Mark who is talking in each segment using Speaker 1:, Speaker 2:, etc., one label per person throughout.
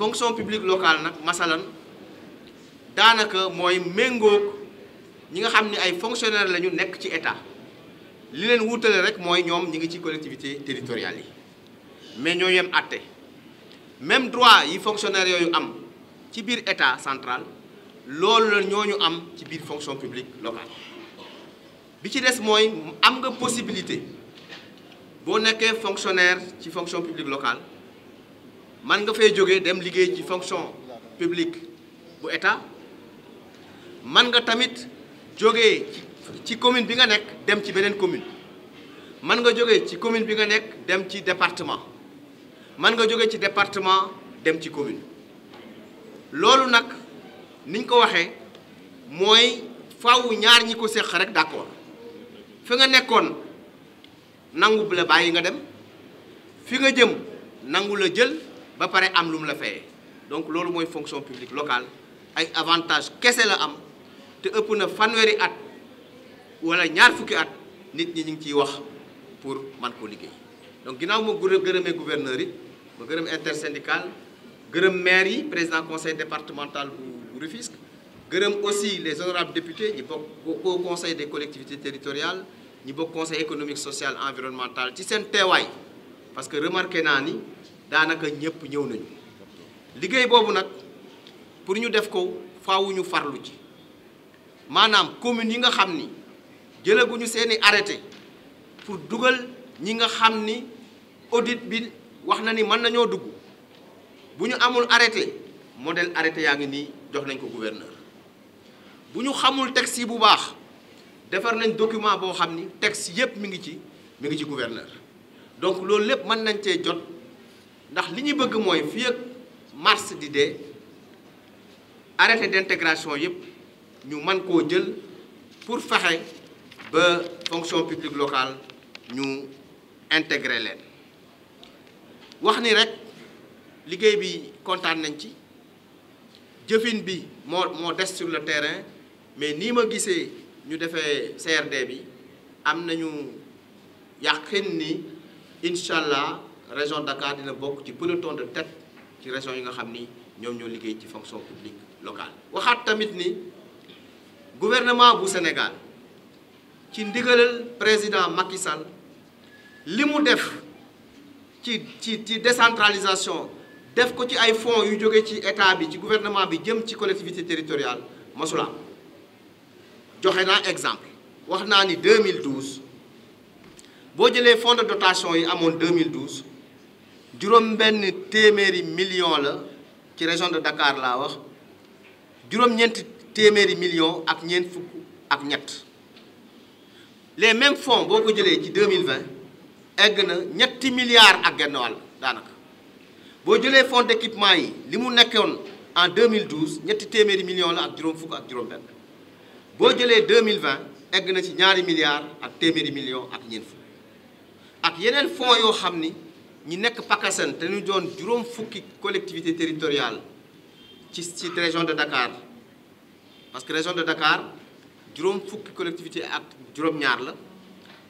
Speaker 1: fonction publique locale nak masalan danaka que méngoog ñi nga xamni ay fonctionnaires lañu nek ci état li leen wutale rek ñi ngi ci collectivité territoriale mais même droit yi fonctionnaires yoyu am ci biir état central loolu la ñooñu am ci biir fonction publique locale bi ci dess am nga possibilité bo fonctionnaire fonctionnaire ci fonction publique locale man nga fay jógee dem liggéey ci fonction publique bu état man nga tamit jógee ci commune bi nga nek dem ci benen commune man nga jógee ci commune bi nga nek dem ci département man nga jógee ci département dem ci commune lolou nak niñ ko waxé moy faaw ñaar ñi ko séq rek d'accord fi nga nangu bu la bàyyi nga dem fi nga jëm nangu la jël ba paré am lu la faire. donc lolu fonction publique locale ay avantage la am na at wala ñaar fukki at nit ñi pour man ko donc nous mo gouverneur yi ma gërëm intersyndical maire yi président conseil départemental bu Rufisque aussi les honorables députés au conseil des collectivités territoriales ñi conseil économique social environnemental parce que remarquez daanaka ñëpp ñëw nañu liggéey boobu nag pour ñu def ko faaw ñu farlu ci maanaam commune yi nga xam ni jëlaguñu seeni arrêté pour dugal ñi nga xam ni audit bi wax na ni mën nañoo dugg bu ñu amul arrêté modèle arrêté yaa ngi nii jox nañ ko gouverneur bu ñu xamul texte yi bu baax defar nañ document boo xam ni texte yépp mi ngi ci mi ngi ci gouverneur donc loolu lépp mën nañ cee jot ndax li ñu bëgg mooy fii ak mars di dee arrêté d'intégration yëpp ñu mën koo jël pour faxe ba fonction publique local ñu intégré leen wax ni rek liggéey bi kontaan nañ ci jëfin bi moo moo des sur le terrain mais nii ma gisee ñu defee CRD bi am nañu yàqin ni incha allah région Dakar dina bok ci peloton de tête ci région yi nga xamni ñom ñoo liggéey ci fonction publique locale waxat tamit ni gouvernement bu Sénégal ci ndigalal président Macky Sall li def ci ci ci décentralisation def ko ci ay fonds yu joggé ci état bi ci gouvernement bi jëm ci collectivité territoriale masula vous na un exemple waxna ni 2012 bo jëlee fonds de dotation yi amoon 2012 millions benn qui million la ci région de Dakar la wax millions les mêmes fonds qui jëlé ci 2020 egg na ñetti milliards ak genn danaka bo fonds d'équipement yi limu en 2012 ñetti téméri millions la ak 2020 egg na ci ñaari milliards ak téméri millions, fonds yo ñi nekk Pakassène te ñu doon juróom fukki collectivité territoriale ci ci région de Dakar parce que région de Dakar juróom fukki collectivité ak juróom-ñaar la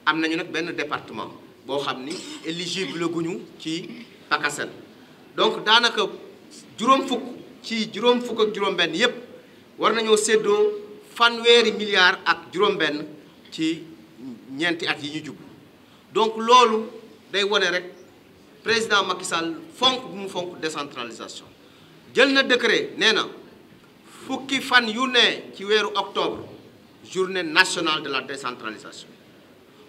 Speaker 1: am nañu ben benn département boo xam éligible guñu ci Pakassène donc daanaka juróom fukk ci juróom fukk ak ben benn yépp war nañoo séddoo fanweeri milliards ak juróom-benn ci ñeenti at yi ñu jub donc loolu day wone rek président Macky Sall fonk bu mu fonk décentralisation jël na décret néna fukki fan yu qui ci wéru octobre journée nationale de la décentralisation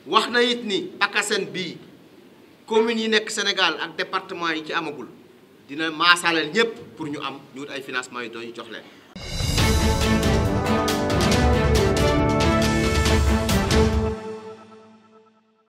Speaker 1: wax na it ni PACASEN bi commune yi nekk Sénégal ak département yi ci amagul dina maasaleel ñep pour ñu am ñu ay financement yu doon jox leen